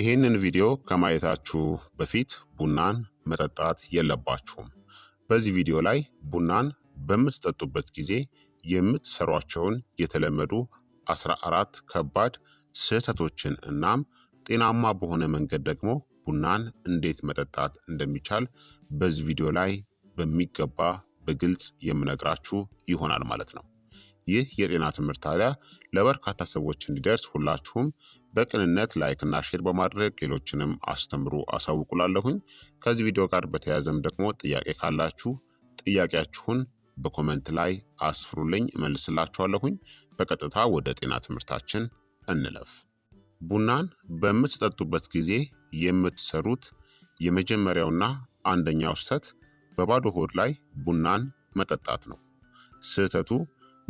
ይህንን ቪዲዮ ከማየታችሁ በፊት ቡናን መጠጣት የለባችሁም። በዚህ ቪዲዮ ላይ ቡናን በምትጠጡበት ጊዜ የምትሰሯቸውን የተለመዱ 14 ከባድ ስህተቶችን እናም ጤናማ በሆነ መንገድ ደግሞ ቡናን እንዴት መጠጣት እንደሚቻል በዚህ ቪዲዮ ላይ በሚገባ በግልጽ የምነግራችሁ ይሆናል ማለት ነው። ይህ የጤና ትምህርት ታዲያ ለበርካታ ሰዎች እንዲደርስ ሁላችሁም በቅንነት ላይክና ሼር በማድረግ ሌሎችንም አስተምሩ አሳውቁላለሁኝ። ከዚህ ቪዲዮ ጋር በተያያዘም ደግሞ ጥያቄ ካላችሁ ጥያቄያችሁን በኮመንት ላይ አስፍሩልኝ፣ እመልስላችኋለሁኝ። በቀጥታ ወደ ጤና ትምህርታችን እንለፍ። ቡናን በምትጠጡበት ጊዜ የምትሰሩት የመጀመሪያውና አንደኛው ስህተት በባዶ ሆድ ላይ ቡናን መጠጣት ነው። ስህተቱ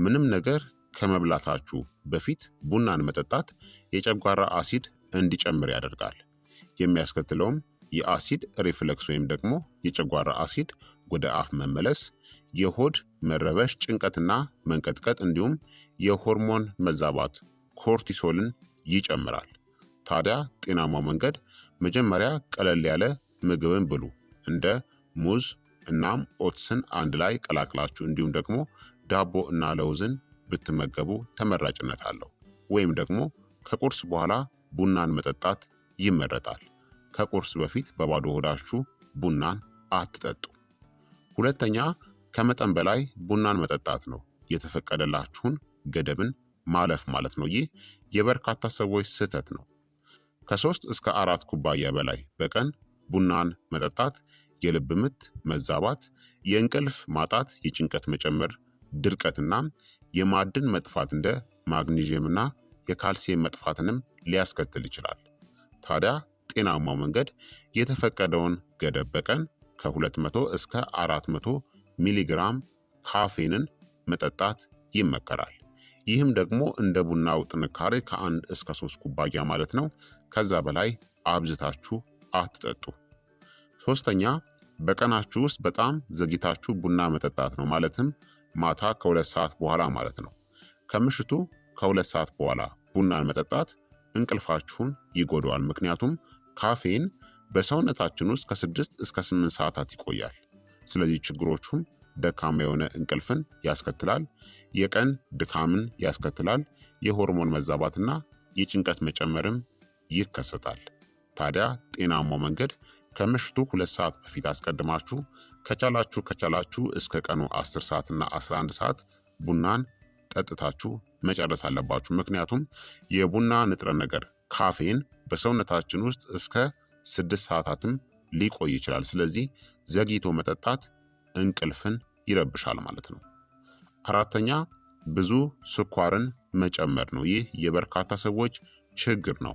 ምንም ነገር ከመብላታችሁ በፊት ቡናን መጠጣት የጨጓራ አሲድ እንዲጨምር ያደርጋል። የሚያስከትለውም የአሲድ ሪፍለክስ ወይም ደግሞ የጨጓራ አሲድ ወደ አፍ መመለስ፣ የሆድ መረበሽ፣ ጭንቀትና መንቀጥቀጥ እንዲሁም የሆርሞን መዛባት ኮርቲሶልን ይጨምራል። ታዲያ ጤናማው መንገድ መጀመሪያ ቀለል ያለ ምግብን ብሉ። እንደ ሙዝ እናም ኦትስን አንድ ላይ ቀላቅላችሁ እንዲሁም ደግሞ ዳቦ እና ለውዝን ብትመገቡ ተመራጭነት አለው። ወይም ደግሞ ከቁርስ በኋላ ቡናን መጠጣት ይመረጣል። ከቁርስ በፊት በባዶ ሆዳችሁ ቡናን አትጠጡ። ሁለተኛ ከመጠን በላይ ቡናን መጠጣት ነው፣ የተፈቀደላችሁን ገደብን ማለፍ ማለት ነው። ይህ የበርካታ ሰዎች ስህተት ነው። ከሶስት እስከ አራት ኩባያ በላይ በቀን ቡናን መጠጣት የልብ ምት መዛባት፣ የእንቅልፍ ማጣት፣ የጭንቀት መጨመር ድርቀትና የማዕድን መጥፋት እንደ ማግኔዥየምና የካልሲየም መጥፋትንም ሊያስከትል ይችላል። ታዲያ ጤናማው መንገድ የተፈቀደውን ገደብ በቀን ከ200 እስከ 400 ሚሊግራም ካፌንን መጠጣት ይመከራል። ይህም ደግሞ እንደ ቡናው ጥንካሬ ከአንድ እስከ ሶስት ኩባያ ማለት ነው። ከዛ በላይ አብዝታችሁ አትጠጡ። ሶስተኛ በቀናችሁ ውስጥ በጣም ዘግይታችሁ ቡና መጠጣት ነው። ማለትም ማታ ከሁለት ሰዓት በኋላ ማለት ነው። ከምሽቱ ከሁለት ሰዓት በኋላ ቡናን መጠጣት እንቅልፋችሁን ይጎዳዋል። ምክንያቱም ካፌን በሰውነታችን ውስጥ ከስድስት እስከ ስምንት ሰዓታት ይቆያል። ስለዚህ ችግሮቹም ደካማ የሆነ እንቅልፍን ያስከትላል፣ የቀን ድካምን ያስከትላል፣ የሆርሞን መዛባትና የጭንቀት መጨመርም ይከሰታል። ታዲያ ጤናማው መንገድ ከምሽቱ ሁለት ሰዓት በፊት አስቀድማችሁ ከቻላችሁ ከቻላችሁ እስከ ቀኑ 10 ሰዓት እና 11 ሰዓት ቡናን ጠጥታችሁ መጨረስ አለባችሁ። ምክንያቱም የቡና ንጥረ ነገር ካፌን በሰውነታችን ውስጥ እስከ ስድስት ሰዓታትም ሊቆይ ይችላል። ስለዚህ ዘግይቶ መጠጣት እንቅልፍን ይረብሻል ማለት ነው። አራተኛ ብዙ ስኳርን መጨመር ነው። ይህ የበርካታ ሰዎች ችግር ነው።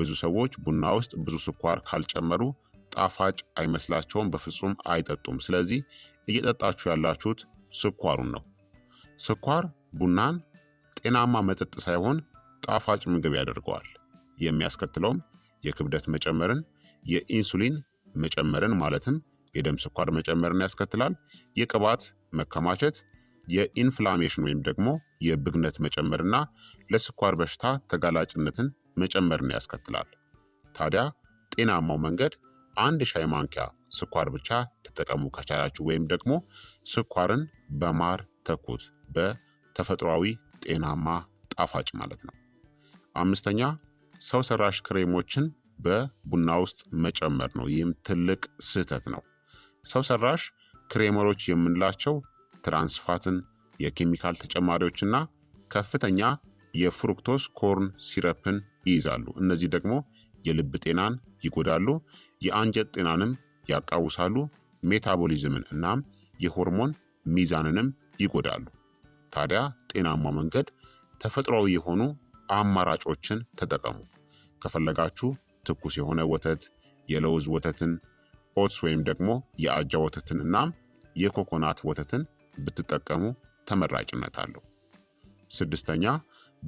ብዙ ሰዎች ቡና ውስጥ ብዙ ስኳር ካልጨመሩ ጣፋጭ አይመስላቸውም፣ በፍጹም አይጠጡም። ስለዚህ እየጠጣችሁ ያላችሁት ስኳሩን ነው። ስኳር ቡናን ጤናማ መጠጥ ሳይሆን ጣፋጭ ምግብ ያደርገዋል። የሚያስከትለውም የክብደት መጨመርን፣ የኢንሱሊን መጨመርን ማለትም የደም ስኳር መጨመርን ያስከትላል። የቅባት መከማቸት፣ የኢንፍላሜሽን ወይም ደግሞ የብግነት መጨመርና ለስኳር በሽታ ተጋላጭነትን መጨመርን ያስከትላል። ታዲያ ጤናማው መንገድ አንድ ሻይ ማንኪያ ስኳር ብቻ ተጠቀሙ ከቻላችሁ፣ ወይም ደግሞ ስኳርን በማር ተኩት። በተፈጥሯዊ ጤናማ ጣፋጭ ማለት ነው። አምስተኛ ሰው ሰራሽ ክሬሞችን በቡና ውስጥ መጨመር ነው። ይህም ትልቅ ስህተት ነው። ሰው ሰራሽ ክሬመሮች የምንላቸው ትራንስፋትን፣ የኬሚካል ተጨማሪዎችና ከፍተኛ የፍሩክቶስ ኮርን ሲረፕን ይይዛሉ። እነዚህ ደግሞ የልብ ጤናን ይጎዳሉ፣ የአንጀት ጤናንም ያቃውሳሉ፣ ሜታቦሊዝምን እናም የሆርሞን ሚዛንንም ይጎዳሉ። ታዲያ ጤናማ መንገድ ተፈጥሯዊ የሆኑ አማራጮችን ተጠቀሙ። ከፈለጋችሁ ትኩስ የሆነ ወተት፣ የለውዝ ወተትን፣ ኦትስ ወይም ደግሞ የአጃ ወተትን እናም የኮኮናት ወተትን ብትጠቀሙ ተመራጭነት አለው። ስድስተኛ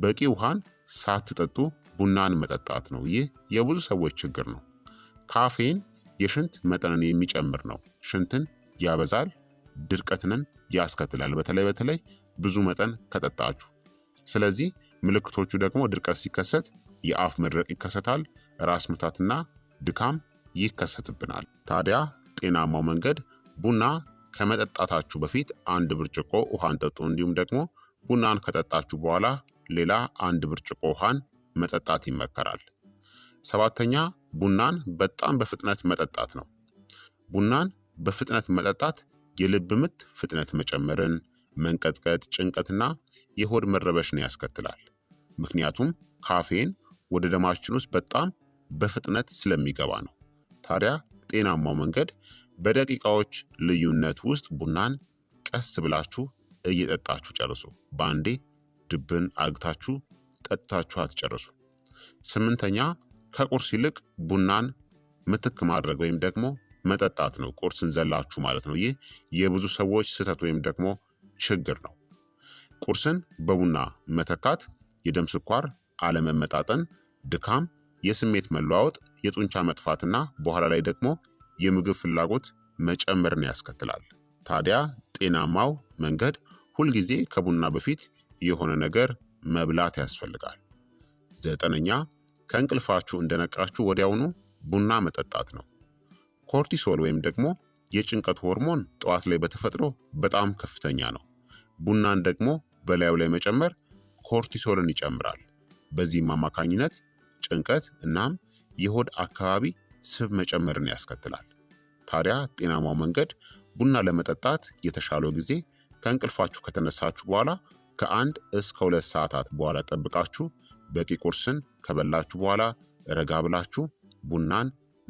በቂ ውሃን ሳትጠጡ ቡናን መጠጣት ነው። ይህ የብዙ ሰዎች ችግር ነው። ካፌን የሽንት መጠንን የሚጨምር ነው። ሽንትን ያበዛል፣ ድርቀትንም ያስከትላል። በተለይ በተለይ ብዙ መጠን ከጠጣችሁ። ስለዚህ ምልክቶቹ ደግሞ ድርቀት ሲከሰት የአፍ መድረቅ ይከሰታል፣ ራስ ምታትና ድካም ይከሰትብናል። ታዲያ ጤናማው መንገድ ቡና ከመጠጣታችሁ በፊት አንድ ብርጭቆ ውሃን ጠጡ። እንዲሁም ደግሞ ቡናን ከጠጣችሁ በኋላ ሌላ አንድ ብርጭቆ ውሃን መጠጣት ይመከራል። ሰባተኛ ቡናን በጣም በፍጥነት መጠጣት ነው። ቡናን በፍጥነት መጠጣት የልብ ምት ፍጥነት መጨመርን፣ መንቀጥቀጥ፣ ጭንቀትና የሆድ መረበሽን ያስከትላል። ምክንያቱም ካፌን ወደ ደማችን ውስጥ በጣም በፍጥነት ስለሚገባ ነው። ታዲያ ጤናማው መንገድ በደቂቃዎች ልዩነት ውስጥ ቡናን ቀስ ብላችሁ እየጠጣችሁ ጨርሱ። በአንዴ ድብን አርግታችሁ ጠጥታችሁ አትጨርሱ። ስምንተኛ ከቁርስ ይልቅ ቡናን ምትክ ማድረግ ወይም ደግሞ መጠጣት ነው፣ ቁርስን ዘላችሁ ማለት ነው። ይህ የብዙ ሰዎች ስህተት ወይም ደግሞ ችግር ነው። ቁርስን በቡና መተካት የደም ስኳር አለመመጣጠን፣ ድካም፣ የስሜት መለዋወጥ፣ የጡንቻ መጥፋትና በኋላ ላይ ደግሞ የምግብ ፍላጎት መጨመርን ያስከትላል። ታዲያ ጤናማው መንገድ ሁልጊዜ ከቡና በፊት የሆነ ነገር መብላት ያስፈልጋል። ዘጠነኛ ከእንቅልፋችሁ እንደነቃችሁ ወዲያውኑ ቡና መጠጣት ነው። ኮርቲሶል ወይም ደግሞ የጭንቀት ሆርሞን ጠዋት ላይ በተፈጥሮ በጣም ከፍተኛ ነው። ቡናን ደግሞ በላዩ ላይ መጨመር ኮርቲሶልን ይጨምራል። በዚህም አማካኝነት ጭንቀት እናም የሆድ አካባቢ ስብ መጨመርን ያስከትላል። ታዲያ ጤናማው መንገድ ቡና ለመጠጣት የተሻለው ጊዜ ከእንቅልፋችሁ ከተነሳችሁ በኋላ ከአንድ እስከ ሁለት ሰዓታት በኋላ ጠብቃችሁ በቂ ቁርስን ከበላችሁ በኋላ ረጋ ብላችሁ ቡናን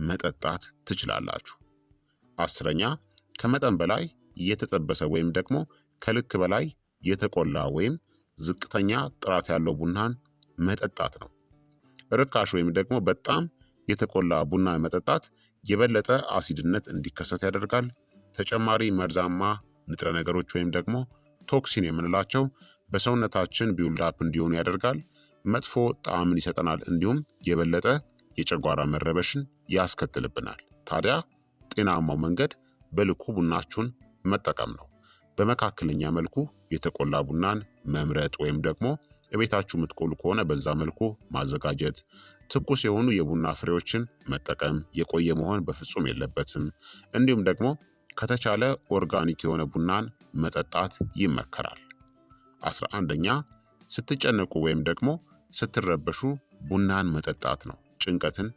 መጠጣት ትችላላችሁ። አስረኛ ከመጠን በላይ የተጠበሰ ወይም ደግሞ ከልክ በላይ የተቆላ ወይም ዝቅተኛ ጥራት ያለው ቡናን መጠጣት ነው። ርካሽ ወይም ደግሞ በጣም የተቆላ ቡና መጠጣት የበለጠ አሲድነት እንዲከሰት ያደርጋል። ተጨማሪ መርዛማ ንጥረ ነገሮች ወይም ደግሞ ቶክሲን የምንላቸው በሰውነታችን ቢውልዳፕ እንዲሆኑ ያደርጋል፣ መጥፎ ጣዕምን ይሰጠናል፣ እንዲሁም የበለጠ የጨጓራ መረበሽን ያስከትልብናል። ታዲያ ጤናማው መንገድ በልኩ ቡናችሁን መጠቀም ነው። በመካከለኛ መልኩ የተቆላ ቡናን መምረጥ ወይም ደግሞ እቤታችሁ የምትቆሉ ከሆነ በዛ መልኩ ማዘጋጀት። ትኩስ የሆኑ የቡና ፍሬዎችን መጠቀም፣ የቆየ መሆን በፍጹም የለበትም። እንዲሁም ደግሞ ከተቻለ ኦርጋኒክ የሆነ ቡናን መጠጣት ይመከራል። 11 አንደኛ ስትጨነቁ ወይም ደግሞ ስትረበሹ ቡናን መጠጣት ነው። ጭንቀትን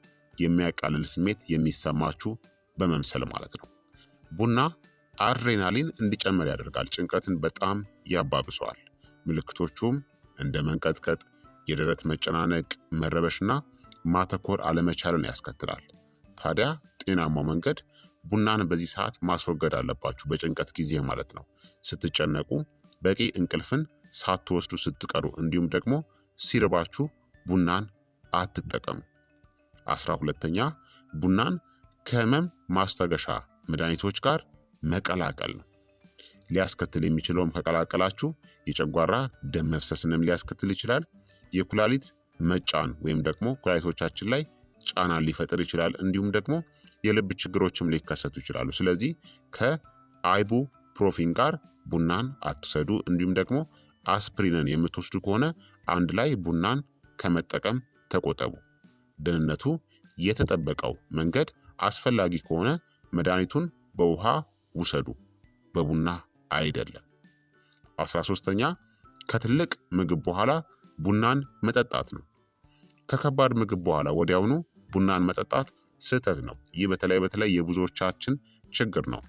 የሚያቃልል ስሜት የሚሰማችሁ በመምሰል ማለት ነው። ቡና አድሬናሊን እንዲጨምር ያደርጋል። ጭንቀትን በጣም ያባብሰዋል። ምልክቶቹም እንደ መንቀጥቀጥ፣ የደረት መጨናነቅ፣ መረበሽና ማተኮር አለመቻልን ያስከትላል። ታዲያ ጤናማው መንገድ ቡናን በዚህ ሰዓት ማስወገድ አለባችሁ፣ በጭንቀት ጊዜ ማለት ነው። ስትጨነቁ በቂ እንቅልፍን ሳትወስዱ ስትቀሩ እንዲሁም ደግሞ ሲርባችሁ ቡናን አትጠቀሙ። አስራ ሁለተኛ ቡናን ከህመም ማስታገሻ መድኃኒቶች ጋር መቀላቀል ነው። ሊያስከትል የሚችለውም ከቀላቀላችሁ የጨጓራ ደም መፍሰስንም ሊያስከትል ይችላል። የኩላሊት መጫን ወይም ደግሞ ኩላሊቶቻችን ላይ ጫናን ሊፈጥር ይችላል። እንዲሁም ደግሞ የልብ ችግሮችም ሊከሰቱ ይችላሉ። ስለዚህ ከአይቡ ቡፕሮፊን ጋር ቡናን አትሰዱ። እንዲሁም ደግሞ አስፕሪንን የምትወስዱ ከሆነ አንድ ላይ ቡናን ከመጠቀም ተቆጠቡ። ደህንነቱ የተጠበቀው መንገድ አስፈላጊ ከሆነ መድኃኒቱን በውሃ ውሰዱ፣ በቡና አይደለም። 13ተኛ ከትልቅ ምግብ በኋላ ቡናን መጠጣት ነው። ከከባድ ምግብ በኋላ ወዲያውኑ ቡናን መጠጣት ስህተት ነው። ይህ በተለይ በተለይ የብዙዎቻችን ችግር ነው።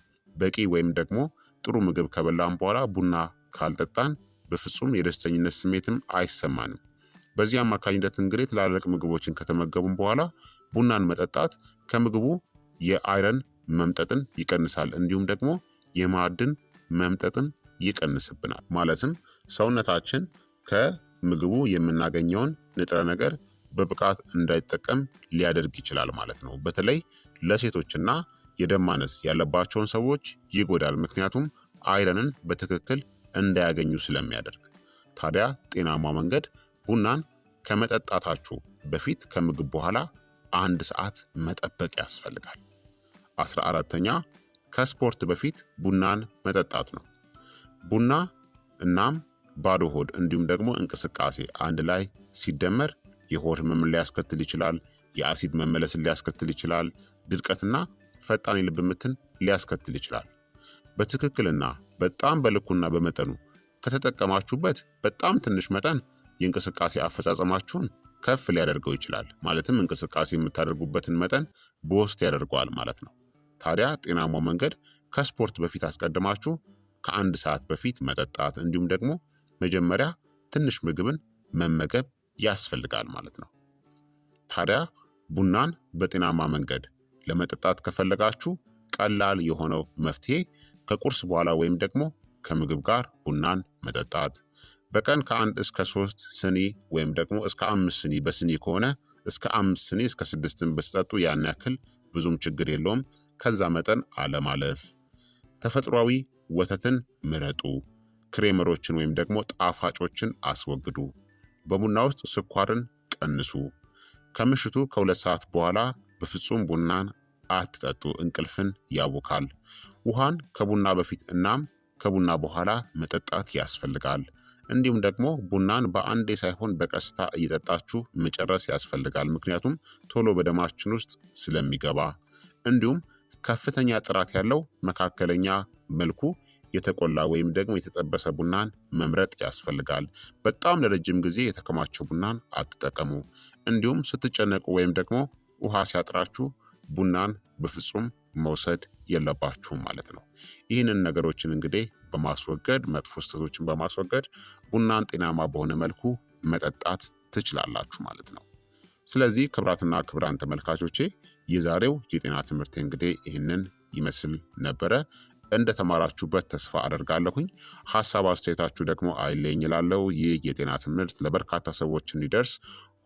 በቂ ወይም ደግሞ ጥሩ ምግብ ከበላን በኋላ ቡና ካልጠጣን በፍጹም የደስተኝነት ስሜትም አይሰማንም። በዚህ አማካኝነት እንግዲህ ትላልቅ ምግቦችን ከተመገቡን በኋላ ቡናን መጠጣት ከምግቡ የአይረን መምጠጥን ይቀንሳል። እንዲሁም ደግሞ የማዕድን መምጠጥን ይቀንስብናል። ማለትም ሰውነታችን ከምግቡ የምናገኘውን ንጥረ ነገር በብቃት እንዳይጠቀም ሊያደርግ ይችላል ማለት ነው። በተለይ ለሴቶችና የደም ማነስ ያለባቸውን ሰዎች ይጎዳል። ምክንያቱም አይረንን በትክክል እንዳያገኙ ስለሚያደርግ። ታዲያ ጤናማ መንገድ ቡናን ከመጠጣታችሁ በፊት ከምግብ በኋላ አንድ ሰዓት መጠበቅ ያስፈልጋል። አስራ አራተኛ ከስፖርት በፊት ቡናን መጠጣት ነው። ቡና እናም ባዶ ሆድ እንዲሁም ደግሞ እንቅስቃሴ አንድ ላይ ሲደመር የሆድ ህመምን ሊያስከትል ይችላል። የአሲድ መመለስን ሊያስከትል ይችላል። ድርቀትና ፈጣን የልብ ምትን ሊያስከትል ይችላል። በትክክልና በጣም በልኩና በመጠኑ ከተጠቀማችሁበት በጣም ትንሽ መጠን የእንቅስቃሴ አፈጻጸማችሁን ከፍ ሊያደርገው ይችላል። ማለትም እንቅስቃሴ የምታደርጉበትን መጠን በውስጥ ያደርገዋል ማለት ነው። ታዲያ ጤናማው መንገድ ከስፖርት በፊት አስቀድማችሁ ከአንድ ሰዓት በፊት መጠጣት እንዲሁም ደግሞ መጀመሪያ ትንሽ ምግብን መመገብ ያስፈልጋል ማለት ነው። ታዲያ ቡናን በጤናማ መንገድ ለመጠጣት ከፈለጋችሁ ቀላል የሆነው መፍትሄ ከቁርስ በኋላ ወይም ደግሞ ከምግብ ጋር ቡናን መጠጣት በቀን ከአንድ እስከ ሶስት ስኒ ወይም ደግሞ እስከ አምስት ስኒ በስኒ ከሆነ እስከ አምስት ስኒ እስከ ስድስትን ብትጠጡ ያን ያክል ብዙም ችግር የለውም። ከዛ መጠን አለማለፍ። ተፈጥሯዊ ወተትን ምረጡ። ክሬመሮችን ወይም ደግሞ ጣፋጮችን አስወግዱ። በቡና ውስጥ ስኳርን ቀንሱ። ከምሽቱ ከሁለት ሰዓት በኋላ በፍጹም ቡናን አትጠጡ፣ እንቅልፍን ያውካል። ውሃን ከቡና በፊት እናም ከቡና በኋላ መጠጣት ያስፈልጋል። እንዲሁም ደግሞ ቡናን በአንዴ ሳይሆን በቀስታ እየጠጣችሁ መጨረስ ያስፈልጋል፣ ምክንያቱም ቶሎ በደማችን ውስጥ ስለሚገባ። እንዲሁም ከፍተኛ ጥራት ያለው መካከለኛ መልኩ የተቆላ ወይም ደግሞ የተጠበሰ ቡናን መምረጥ ያስፈልጋል። በጣም ለረጅም ጊዜ የተከማቸው ቡናን አትጠቀሙ። እንዲሁም ስትጨነቁ ወይም ደግሞ ውሃ ሲያጥራችሁ ቡናን በፍጹም መውሰድ የለባችሁም ማለት ነው። ይህንን ነገሮችን እንግዲህ በማስወገድ መጥፎ ስህተቶችን በማስወገድ ቡናን ጤናማ በሆነ መልኩ መጠጣት ትችላላችሁ ማለት ነው። ስለዚህ ክብራትና ክብራን ተመልካቾቼ የዛሬው የጤና ትምህርት እንግዲህ ይህንን ይመስል ነበረ። እንደተማራችሁበት ተስፋ አደርጋለሁኝ። ሀሳብ አስተያየታችሁ ደግሞ አይለኝ ይላለው። ይህ የጤና ትምህርት ለበርካታ ሰዎች እንዲደርስ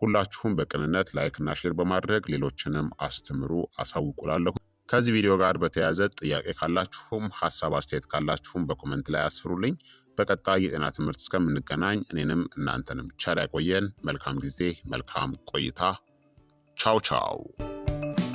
ሁላችሁም በቅንነት ላይክ እና ሼር በማድረግ ሌሎችንም አስተምሩ አሳውቁላለሁ። ከዚህ ቪዲዮ ጋር በተያያዘ ጥያቄ ካላችሁም ሀሳብ አስተያየት ካላችሁም በኮመንት ላይ አስፍሩልኝ። በቀጣይ የጤና ትምህርት እስከምንገናኝ እኔንም እናንተንም ቸር ያቆየን። መልካም ጊዜ፣ መልካም ቆይታ። ቻው ቻው